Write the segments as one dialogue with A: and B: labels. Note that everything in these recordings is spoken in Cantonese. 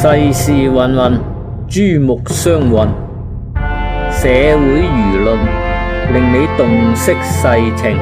A: 世事混混，珠目相混，社會輿論令你洞悉世情。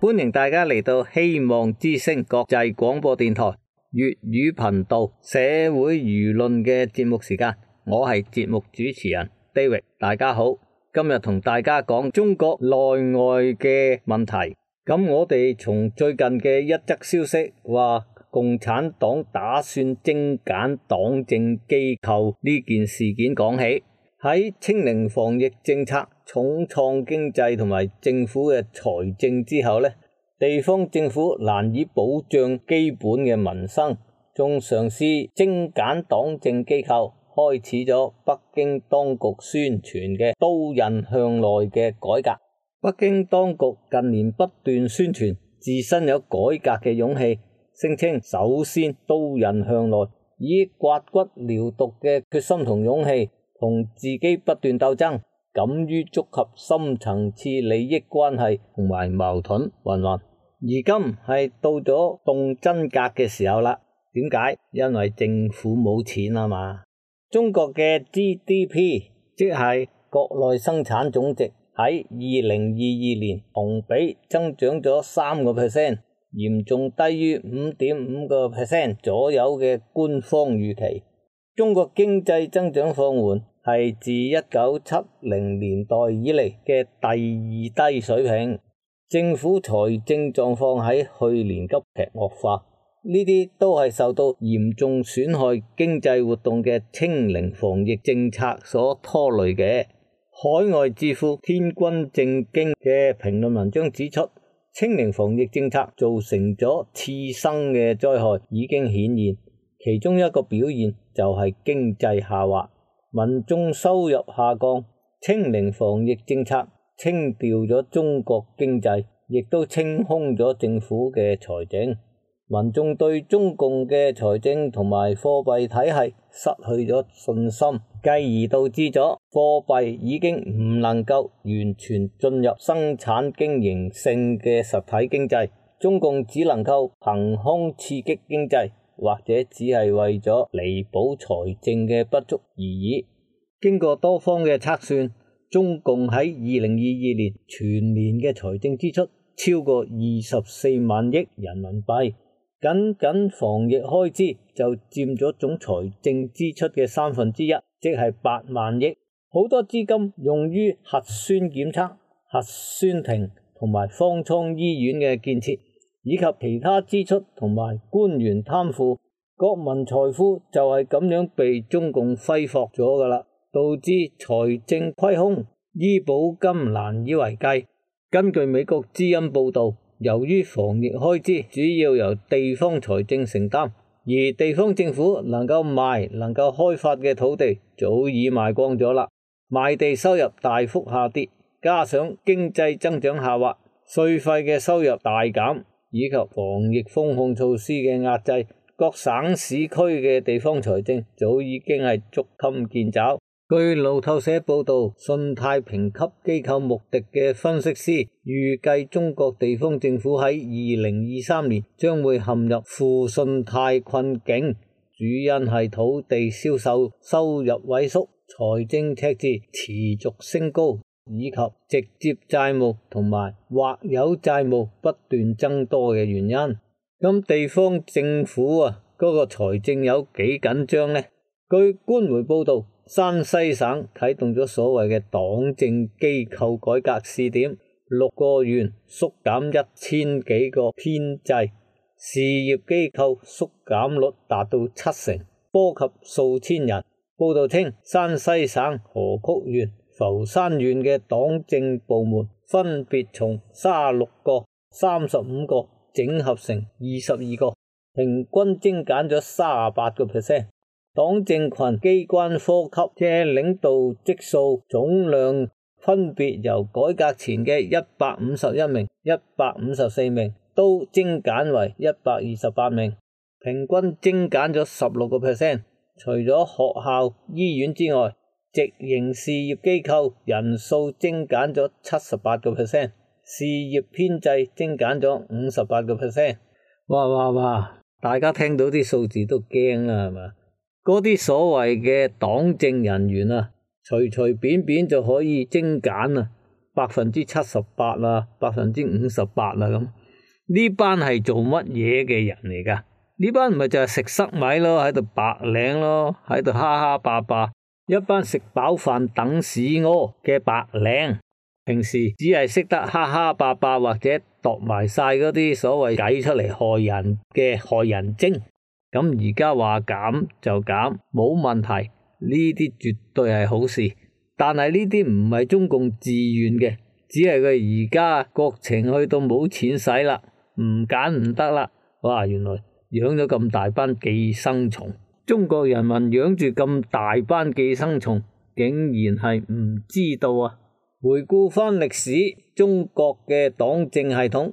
A: 歡迎大家嚟到希望之聲國際廣播電台。粵語頻道社會輿論嘅節目時間，我係節目主持人 David，大家好。今日同大家講中國內外嘅問題。咁我哋從最近嘅一則消息，話共產黨打算精簡黨政機構呢件事件講起。喺清零防疫政策，重創經濟同埋政府嘅財政之後咧。地方政府難以保障基本嘅民生，仲嘗試精簡黨政機構，開始咗北京當局宣傳嘅刀刃向內嘅改革。北京當局近年不斷宣傳自身有改革嘅勇氣，聲稱首先刀刃向內，以刮骨療毒嘅決心同勇氣，同自己不斷鬥爭，敢於觸及深層次利益關係同埋矛盾混亂。環環而今係到咗動真格嘅時候啦。點解？因為政府冇錢啊嘛。中國嘅 GDP，即係國內生產總值，喺二零二二年同比增長咗三個 percent，嚴重低於五點五個 percent 左右嘅官方預期。中國經濟增長放緩，係自一九七零年代以嚟嘅第二低水平。政府財政狀況喺去年急劇惡化，呢啲都係受到嚴重損害經濟活動嘅清零防疫政策所拖累嘅。海外智庫天君正經嘅評論文章指出，清零防疫政策造成咗次生嘅災害已經顯現，其中一個表現就係經濟下滑、民眾收入下降、清零防疫政策，清掉咗中國經濟，亦都清空咗政府嘅財政，民眾對中共嘅財政同埋貨幣體系失去咗信心，繼而導致咗貨幣已經唔能夠完全進入生產經營性嘅實體經濟，中共只能夠憑空刺激經濟，或者只係為咗彌補財政嘅不足而已。經過多方嘅測算。中共喺二零二二年全年嘅財政支出超過二十四萬億人民幣，僅僅防疫開支就佔咗總財政支出嘅三分之一，即係八萬億，好多資金用於核酸檢測、核酸亭同埋方艙醫院嘅建設，以及其他支出同埋官員貪腐，國民財富就係咁樣被中共揮霍咗噶啦。導致財政虧空，醫保金難以為繼。根據美國《之音》報道，由於防疫開支主要由地方財政承擔，而地方政府能夠賣、能夠開發嘅土地早已賣光咗啦，賣地收入大幅下跌，加上經濟增長下滑，稅費嘅收入大減，以及防疫封控措施嘅壓制，各省市區嘅地方財政早已經係捉襟見肘。據路透社報導，信貸評級機構穆迪嘅分析師預計，中國地方政府喺二零二三年將會陷入負信貸困境，主因係土地銷售收入萎縮、財政赤字持續升高以及直接債務同埋或有債務不斷增多嘅原因。咁地方政府啊，嗰個財政有幾緊張呢？據官媒報導。山西省啟動咗所謂嘅黨政機構改革試點，六個縣縮減一千幾個編制，事業機構縮減率達到七成，波及數千人。報道稱，山西省河曲縣、浮山縣嘅黨政部門分別從三十六個、三十五個整合成二十二個，平均精簡咗三十八個 percent。黨政群機關科級嘅領導職數總量分別由改革前嘅一百五十一名、一百五十四名，都精簡為一百二十八名，平均精簡咗十六個 percent。除咗學校、醫院之外，直營事業機構人數精簡咗七十八個 percent，事業編制精簡咗五十八個 percent。哇哇哇！大家聽到啲數字都驚啦，係嘛？嗰啲所謂嘅黨政人員啊，隨隨便便便就可以精簡啊，百分之七十八啦，百分之五十八啦咁。呢班係做乜嘢嘅人嚟㗎？呢班唔係就係食塞米咯，喺度白領咯，喺度蝦蝦霸霸。一班食飽飯等屎屙嘅白領，平時只係識得蝦蝦霸霸或者度埋晒嗰啲所謂計出嚟害人嘅害人精。咁而家話減就減，冇問題，呢啲絕對係好事。但係呢啲唔係中共自願嘅，只係佢而家國情去到冇錢使啦，唔減唔得啦。哇！原來養咗咁大班寄生蟲，中國人民養住咁大班寄生蟲，竟然係唔知道啊！回顧翻歷史，中國嘅黨政系統。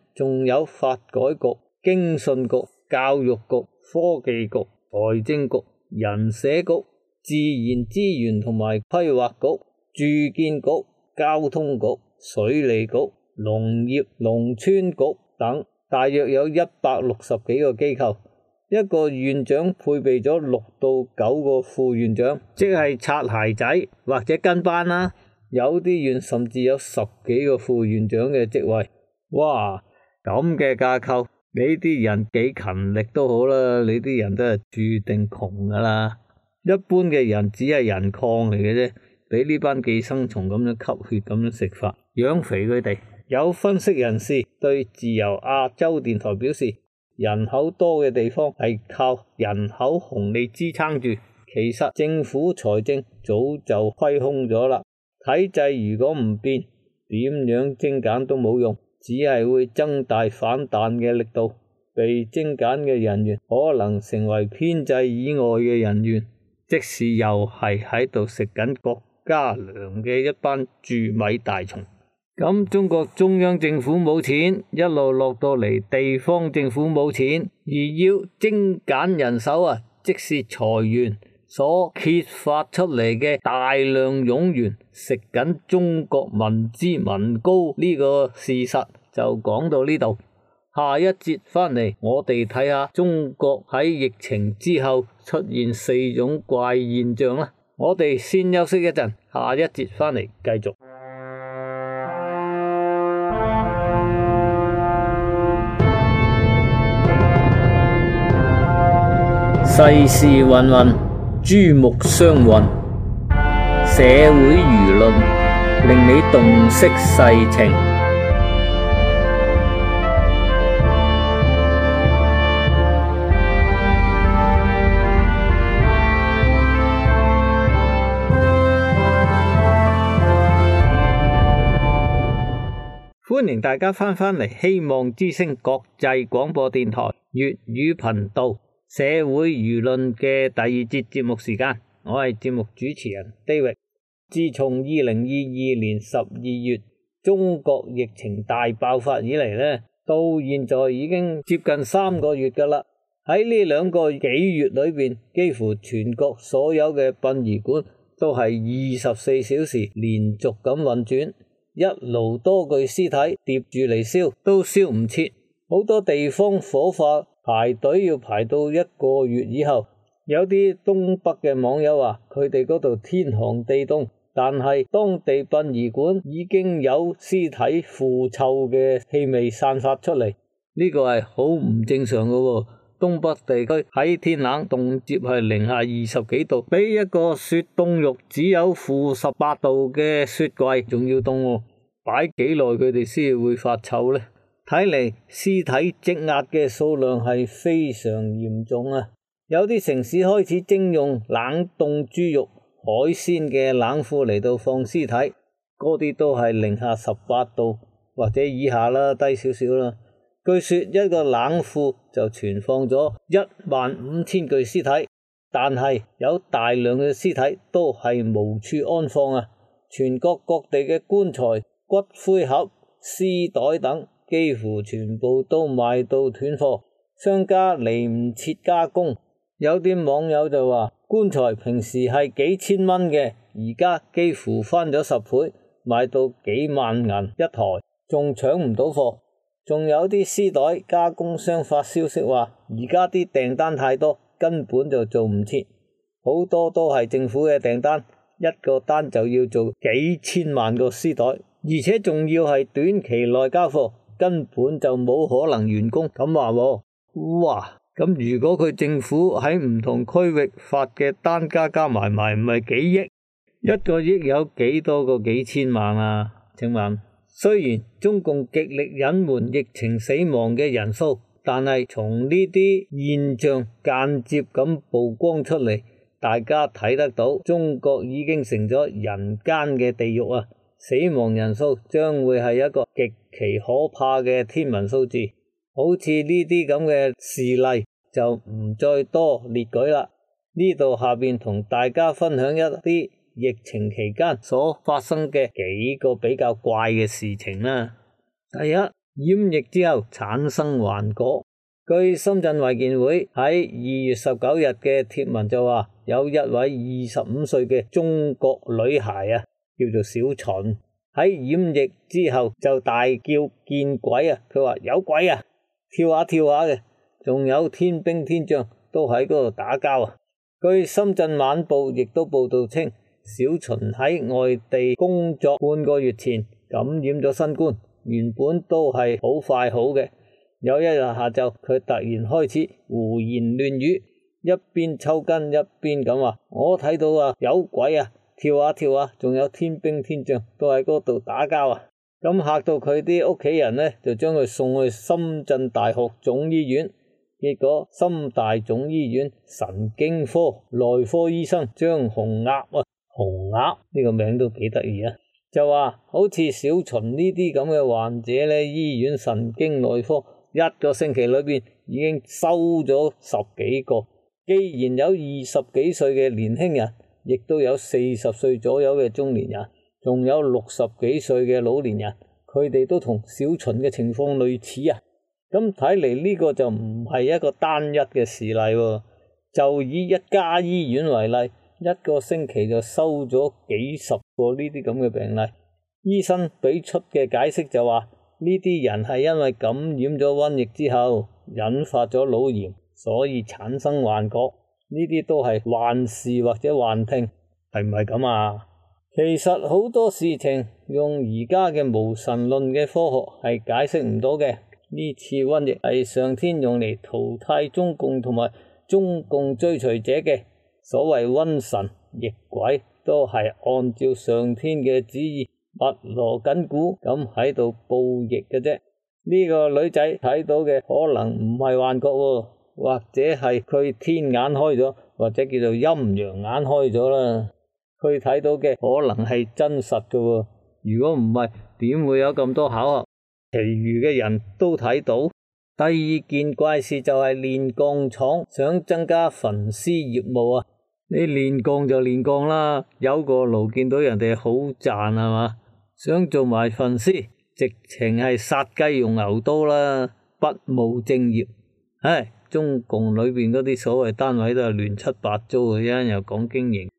A: 仲有發改局、經信局、教育局、科技局、財政局、人社局、自然資源同埋規劃局、住建局、交通局、水利局、農業農村局等，大約有一百六十幾個機構。一個院長配備咗六到九個副院長，即係擦鞋仔或者跟班啦、啊。有啲院甚至有十幾個副院長嘅職位，哇！咁嘅架構，你啲人幾勤力都好啦，你啲人都係注定窮噶啦。一般嘅人只係人抗嚟嘅啫，俾呢班寄生蟲咁樣吸血咁樣食法，養肥佢哋。有分析人士對自由亞洲電台表示，人口多嘅地方係靠人口紅利支撐住，其實政府財政早就虧空咗啦。體制如果唔變，點樣精簡都冇用。只係會增大反彈嘅力度，被精簡嘅人員可能成為編制以外嘅人員，即係又係喺度食緊國家糧嘅一班蛀米大蟲。咁中國中央政府冇錢，一路落到嚟地方政府冇錢，而要精簡人手啊，即係裁員。所揭發出嚟嘅大量冗員食緊中國民脂民膏呢，這個事實就講到呢度，下一節翻嚟我哋睇下中國喺疫情之後出現四種怪現象啦。我哋先休息一陣，下一節翻嚟繼續。世事混混。珠目相混，社會輿論令你洞悉世情。歡迎大家翻返嚟希望之聲國際廣播電台粵語頻道。社會輿論嘅第二節節目時間，我係節目主持人 David。自從二零二二年十二月中國疫情大爆發以嚟，呢到現在已經接近三個月㗎喇。喺呢兩個幾月裏邊，幾乎全國所有嘅殯儀館都係二十四小時連續咁運轉，一路多具屍體疊住嚟燒，都燒唔切。好多地方火化。排隊要排到一個月以後，有啲東北嘅網友話，佢哋嗰度天寒地凍，但係當地殯儀館已經有屍體腐臭嘅氣味散發出嚟，呢個係好唔正常嘅喎。東北地區喺天冷，動輒係零下二十幾度，比一個雪凍肉只有負十八度嘅雪櫃仲要凍喎，擺幾耐佢哋先會發臭呢？睇嚟屍體積壓嘅數量係非常嚴重啊！有啲城市開始徵用冷凍豬肉、海鮮嘅冷庫嚟到放屍體，嗰啲都係零下十八度或者以下啦，低少少啦。據說一個冷庫就存放咗一萬五千具屍體，但係有大量嘅屍體都係無處安放啊！全國各地嘅棺材、骨灰盒、屍袋等。幾乎全部都賣到斷貨，商家嚟唔切加工。有啲網友就話：棺材平時係幾千蚊嘅，而家幾乎翻咗十倍，賣到幾萬銀一台，仲搶唔到貨。仲有啲屍袋加工商發消息話：而家啲訂單太多，根本就做唔切，好多都係政府嘅訂單，一個單就要做幾千萬個屍袋，而且仲要係短期內交貨。根本就冇可能員工咁話喎，哇！咁如果佢政府喺唔同區域發嘅單加加埋埋，唔係幾億？一個億有幾多個幾千萬啊？請問，雖然中共極力隱瞞疫情死亡嘅人數，但係從呢啲現象間接咁曝光出嚟，大家睇得到中國已經成咗人間嘅地獄啊！死亡人數將會係一個極其可怕嘅天文數字，好似呢啲咁嘅事例就唔再多列舉啦。呢度下邊同大家分享一啲疫情期間所發生嘅幾個比較怪嘅事情啦。第一，染疫之後產生幻覺。據深圳衛健委喺二月十九日嘅貼文就話，有一位二十五歲嘅中國女孩啊，叫做小秦。喺染疫之後就大叫見鬼啊！佢話有鬼啊，跳下跳下嘅，仲有天兵天將都喺嗰度打交啊！據深圳晚報亦都報道稱，小秦喺外地工作半個月前感染咗新冠，原本都係好快好嘅，有一日下晝佢突然開始胡言亂語，一邊抽筋一邊咁話：我睇到啊，有鬼啊！跳下跳下，仲有天兵天將都喺嗰度打交啊！咁吓到佢啲屋企人呢，就將佢送去深圳大學總醫院。結果深大總醫院神經科內科醫生張紅鴨啊，紅鴨呢個名都幾得意啊！就話好似小秦呢啲咁嘅患者咧，醫院神經內科一個星期裏邊已經收咗十幾個，既然有二十幾歲嘅年輕人，亦都有四十歲左右嘅中年人，仲有六十幾歲嘅老年人，佢哋都同小秦嘅情況類似啊！咁睇嚟呢個就唔係一個單一嘅事例喎。就以一家醫院為例，一個星期就收咗幾十個呢啲咁嘅病例。醫生俾出嘅解釋就話，呢啲人係因為感染咗瘟疫之後，引發咗腦炎，所以產生幻覺。呢啲都係幻視或者幻聽，係唔係咁啊？其實好多事情用而家嘅無神論嘅科學係解釋唔到嘅。呢次瘟疫係上天用嚟淘汰中共同埋中共追隨者嘅，所謂瘟神疫鬼都係按照上天嘅旨意，拔鑼緊鼓咁喺度報疫嘅啫。呢、呢個女仔睇到嘅可能唔係幻覺喎。或者係佢天眼開咗，或者叫做陰陽眼開咗啦。佢睇到嘅可能係真實噶。如果唔係，點會有咁多巧合？其餘嘅人都睇到。第二件怪事就係煉鋼廠想增加焚屍業務啊！你煉鋼就煉鋼啦，有個爐見到人哋好賺係嘛，想做埋焚屍，直情係殺雞用牛刀啦，不務正業，唉。中共裏邊嗰啲所謂單位都係亂七八糟嘅，一陣又講經營，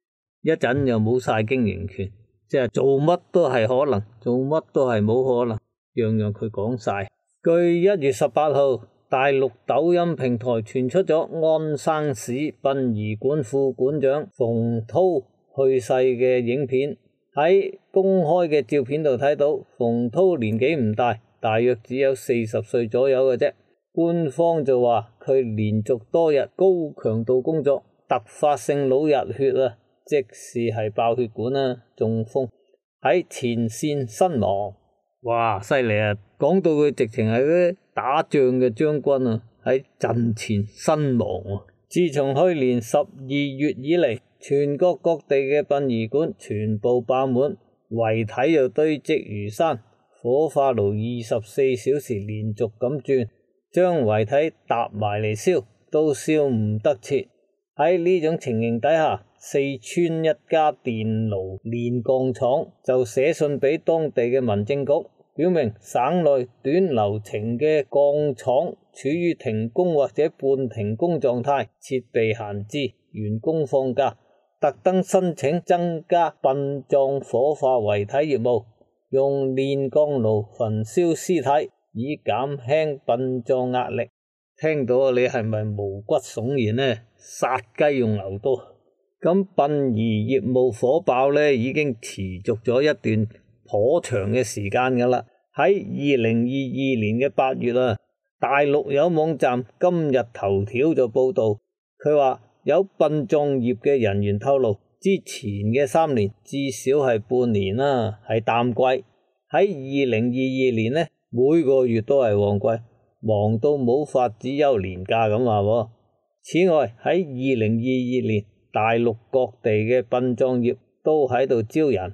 A: 一陣又冇晒經營權，即係做乜都係可能，做乜都係冇可能，樣樣佢講晒。據一月十八號大陸抖音平台傳出咗鞍山市殯儀館副館長馮濤去世嘅影片，喺公開嘅照片度睇到馮濤年紀唔大，大約只有四十歲左右嘅啫。官方就話佢連續多日高強度工作，突發性腦溢血啊，即是係爆血管啊，中風喺前線身亡。哇！犀利啊！講到佢直情係啲打仗嘅將軍啊，喺陣前身亡啊！自從去年十二月以嚟，全國各地嘅殯儀館全部爆滿，遺體又堆積如山，火化爐二十四小時連續咁轉。將遺體搭埋嚟燒，都燒唔得切。喺呢種情形底下，四川一家電爐煉鋼廠就寫信俾當地嘅民政局，表明省內短流程嘅鋼廠處於停工或者半停工狀態，設備閒置，員工放假，特登申請增加殯葬火化遺體業務，用煉鋼爐焚燒屍體，以減輕殯葬壓力，聽到你係咪毛骨悚然呢？殺雞用牛刀，咁殯儀業務火爆呢，已經持續咗一段頗長嘅時間㗎喇。喺二零二二年嘅八月啊，大陸有網站《今日頭條》就報道，佢話有殯葬業嘅人員透露，之前嘅三年至少係半年啦，啊，係淡季。喺二零二二年呢？每個月都係旺季，忙到冇法子休年假咁話喎。此外，喺二零二二年，大陸各地嘅殯葬業都喺度招人，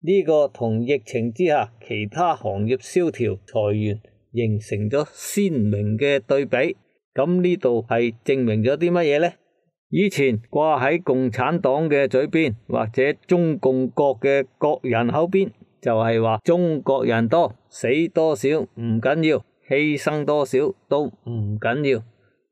A: 呢個同疫情之下其他行業蕭條裁員形成咗鮮明嘅對比。咁呢度係證明咗啲乜嘢呢？以前掛喺共產黨嘅嘴邊，或者中共國嘅國人口邊。就係話中國人多死多少唔緊要，犧牲多少都唔緊要。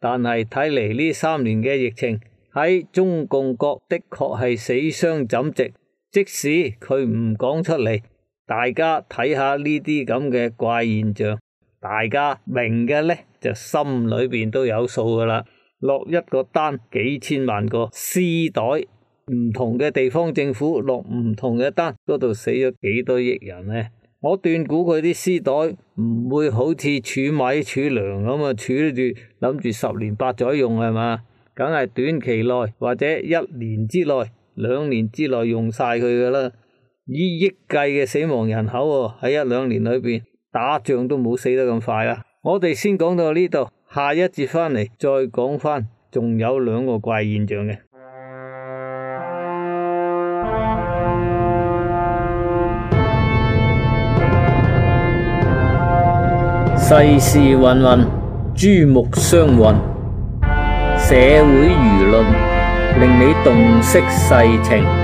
A: 但係睇嚟呢三年嘅疫情喺中共國的確係死傷枕藉，即使佢唔講出嚟，大家睇下呢啲咁嘅怪現象，大家明嘅呢，就心裏邊都有數噶啦。落一個單幾千萬個屍袋。唔同嘅地方政府落唔同嘅單，嗰度死咗幾多億人呢？我斷估佢啲屍袋唔會好似儲米儲糧咁啊，儲住諗住十年八載用係嘛，梗係短期內或者一年之內，兩年之內用晒佢噶啦。以億計嘅死亡人口喎，喺一兩年裏邊打仗都冇死得咁快啦。我哋先講到呢度，下一節翻嚟，再講翻，仲有兩個怪現象嘅。世事混混，珠目相混，社會輿論令你洞悉世情。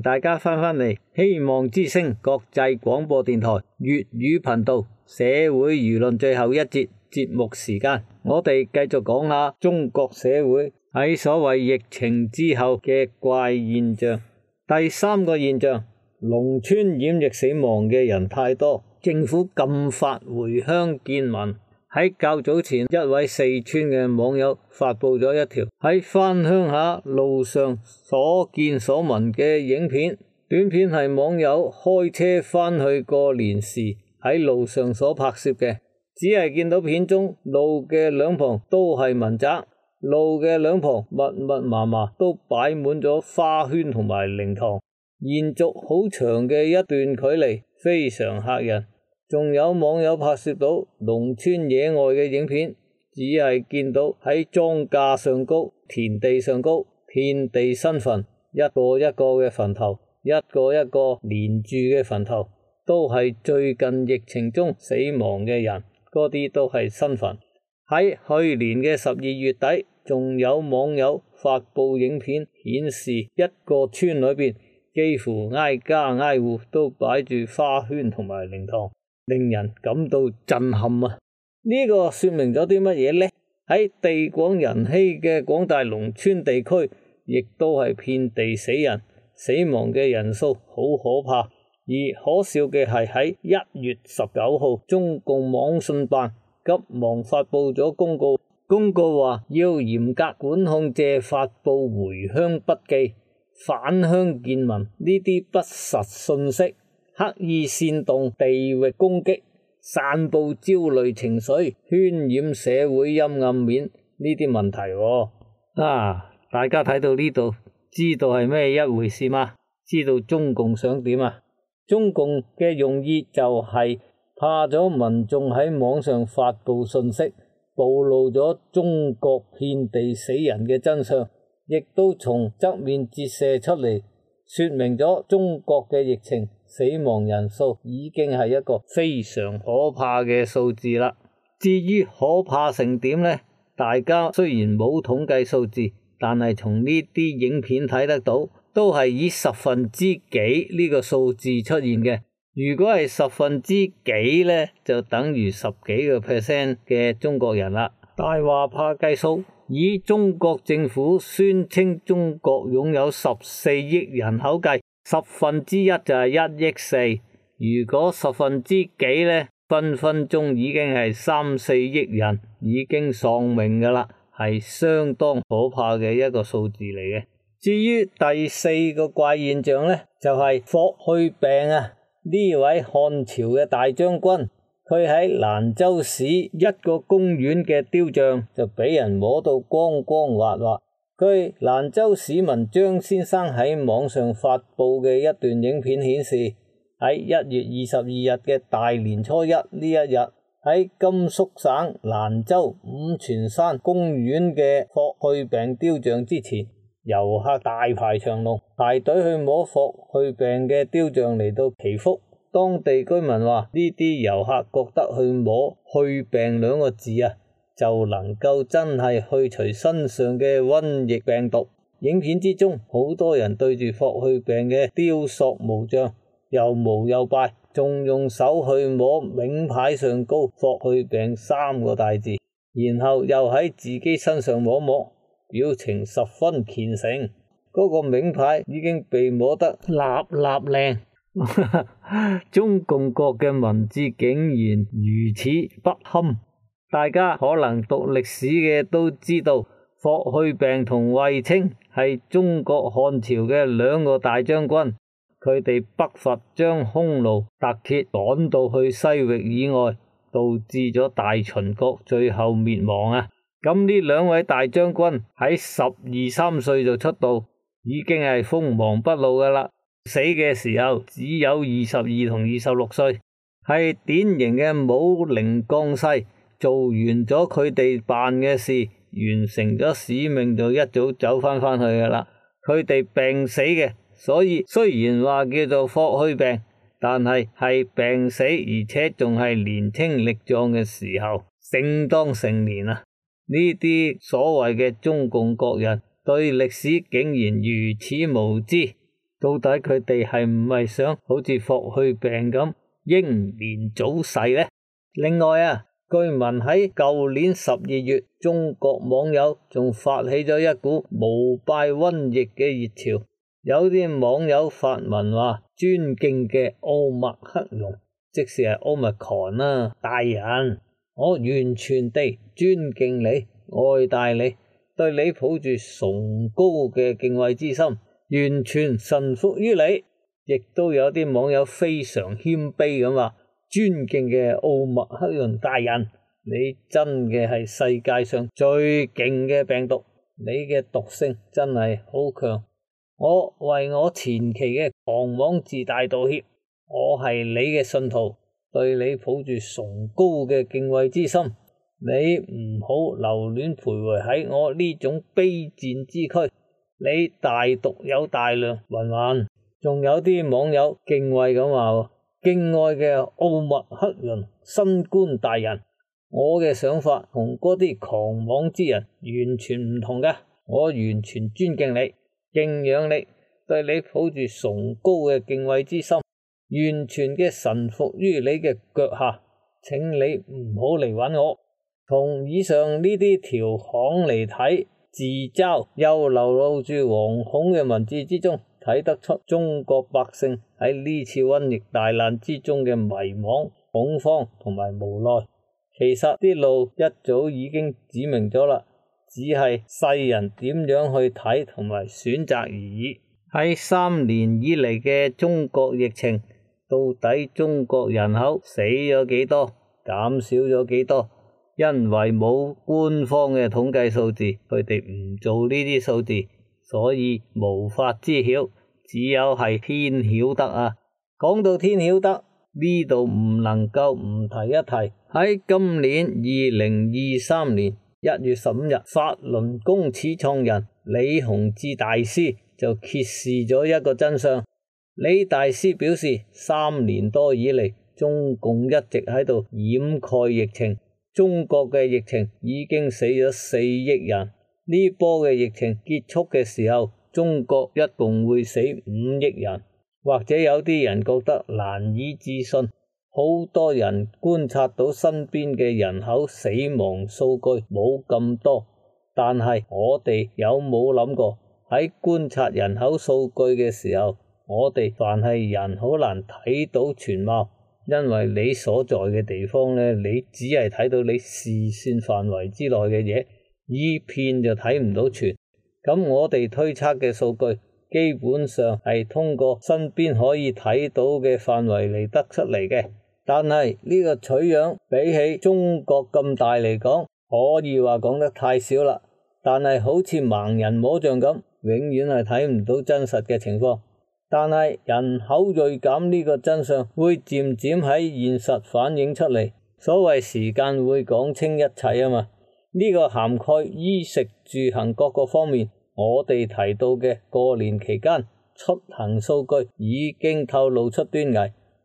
A: 大家翻返嚟希望之聲國際廣播電台粵語頻道社會輿論最後一節節目時間，我哋繼續講下中國社會喺所謂疫情之後嘅怪現象。第三個現象，農村染疫死亡嘅人太多，政府禁發回鄉見聞。喺較早前，一位四川嘅網友發佈咗一條喺返鄉下路上所見所聞嘅影片。短片係網友開車返去過年時喺路上所拍攝嘅，只係見到片中路嘅兩旁都係民宅，路嘅兩旁密密麻麻都擺滿咗花圈同埋靈堂，延續好長嘅一段距離，非常嚇人。仲有網友拍攝到農村野外嘅影片，只係見到喺莊稼上高、田地上高遍地新墳，一個一個嘅墳頭，一個一個連住嘅墳頭，都係最近疫情中死亡嘅人，嗰啲都係新墳。喺去年嘅十二月底，仲有網友發布影片顯示，一個村裏邊幾乎挨家挨戶都擺住花圈同埋靈堂。令人感到震撼啊！呢個說明咗啲乜嘢呢？喺地廣人稀嘅廣大農村地區，亦都係遍地死人，死亡嘅人數好可怕。而可笑嘅係喺一月十九號，中共網信辦急忙發布咗公告，公告話要嚴格管控借發布回鄉筆記、返鄉見聞呢啲不實信息。刻意煽動地域攻擊、散布焦慮情緒、渲染社會陰暗面呢啲問題。哦，啊！大家睇到呢度，知道係咩一回事嗎？知道中共想點啊？中共嘅用意就係怕咗民眾喺網上發布信息，暴露咗中國遍地死人嘅真相，亦都從側面折射出嚟，說明咗中國嘅疫情。死亡人數已經係一個非常可怕嘅數字啦。至於可怕成點呢？大家雖然冇統計數字，但係從呢啲影片睇得到，都係以十分之幾呢個數字出現嘅。如果係十分之幾呢，就等於十幾個 percent 嘅中國人啦。大話怕計數，以中國政府宣稱中國擁有十四億人口計。十分之一就係一億四，如果十分之幾咧，分分鐘已經係三四億人已經喪命噶啦，係相當可怕嘅一個數字嚟嘅。至於第四個怪現象咧，就係霍去病啊！呢位漢朝嘅大將軍，佢喺蘭州市一個公園嘅雕像就俾人摸到光光滑滑。據蘭州市民張先生喺網上發布嘅一段影片顯示，喺一月二十二日嘅大年初一呢一日，喺甘肅省蘭州五泉山公園嘅霍去病雕像之前，遊客大排長龍，排隊去摸霍去病嘅雕像嚟到祈福。當地居民話：呢啲遊客覺得去摸去病兩個字啊。就能夠真係去除身上嘅瘟疫病毒。影片之中，好多人對住霍去病嘅雕塑模像又摸又拜，仲用手去摸名牌上高霍去病三個大字，然後又喺自己身上摸摸，表情十分虔誠。嗰個名牌已經被摸得立立靚。 中共國嘅文字竟然如此不堪。大家可能讀歷史嘅都知道，霍去病同衛青係中國漢朝嘅兩個大將軍，佢哋北伐將匈奴突厥趕到去西域以外，導致咗大秦國最後滅亡啊！咁呢兩位大將軍喺十二三歲就出道，已經係鋒芒不露噶啦，死嘅時候只有二十二同二十六歲，係典型嘅武陵江西。做完咗佢哋辦嘅事，完成咗使命，就一早走翻翻去噶啦。佢哋病死嘅，所以雖然話叫做霍去病，但係係病死，而且仲係年輕力壯嘅時候，正當成年啊！呢啲所謂嘅中共國人對歷史竟然如此無知，到底佢哋係唔係想好似霍去病咁英年早逝咧？另外啊～據聞喺舊年十二月，中國網友仲發起咗一股膜拜瘟疫嘅熱潮。有啲網友發文話：尊敬嘅奧密克戎，即使係奧密狂啊！大人，我完全地尊敬你，愛戴你，對你抱住崇高嘅敬畏之心，完全臣服於你。亦都有啲網友非常謙卑咁話。尊敬嘅奧密克戎大人，你真嘅係世界上最勁嘅病毒，你嘅毒性真係好強。我為我前期嘅狂妄自大道歉，我係你嘅信徒，對你抱住崇高嘅敬畏之心。你唔好留戀徘徊喺我呢種卑賤之區。你大毒有大量云云，仲有啲網友敬畏咁話。敬愛嘅奧密克倫新官大人，我嘅想法同嗰啲狂妄之人完全唔同嘅，我完全尊敬你，敬仰你，對你抱住崇高嘅敬畏之心，完全嘅臣服於你嘅腳下。請你唔好嚟揾我。從以上呢啲條行嚟睇，自嘲又流露住惶恐嘅文字之中。睇得出中國百姓喺呢次瘟疫大難之中嘅迷茫、恐慌同埋無奈。其實啲路一早已經指明咗啦，只係世人點樣去睇同埋選擇而已。喺三年以嚟嘅中國疫情，到底中國人口死咗幾多、減少咗幾多？因為冇官方嘅統計數字，佢哋唔做呢啲數字，所以無法知曉。只有係天曉得啊！講到天曉得，呢度唔能夠唔提一提，喺今年二零二三年一月十五日，法輪功始創人李洪志大師就揭示咗一個真相。李大師表示，三年多以嚟，中共一直喺度掩蓋疫情，中國嘅疫情已經死咗四億人。呢波嘅疫情結束嘅時候，中國一共會死五億人，或者有啲人覺得難以置信。好多人觀察到身邊嘅人口死亡數據冇咁多，但係我哋有冇諗過喺觀察人口數據嘅時候，我哋凡係人好難睇到全貌，因為你所在嘅地方呢，你只係睇到你視線範圍之內嘅嘢，呢片就睇唔到全。咁我哋推測嘅數據基本上係通過身邊可以睇到嘅範圍嚟得出嚟嘅，但係呢個取樣比起中國咁大嚟講，可以話講得太少啦。但係好似盲人摸象咁，永遠係睇唔到真實嘅情況。但係人口銳減呢個真相會漸漸喺現實反映出嚟。所謂時間會講清一切啊嘛，呢個涵蓋衣食住行各個方面。我哋提到嘅過年期間出行數據已經透露出端倪，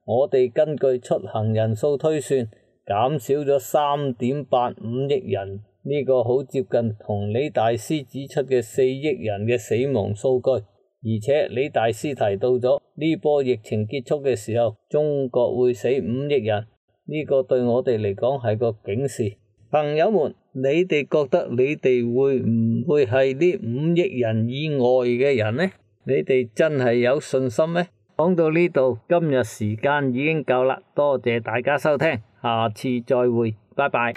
A: 我哋根據出行人數推算，減少咗三點八五億人，呢個好接近同李大師指出嘅四億人嘅死亡數據，而且李大師提到咗呢波疫情結束嘅時候，中國會死五億人，呢個對我哋嚟講，係個警示。朋友們，你哋覺得你哋會唔會係呢五億人以外嘅人呢？你哋真係有信心咩？講到呢度，今日時間已經夠啦，多謝大家收聽，下次再會，拜拜。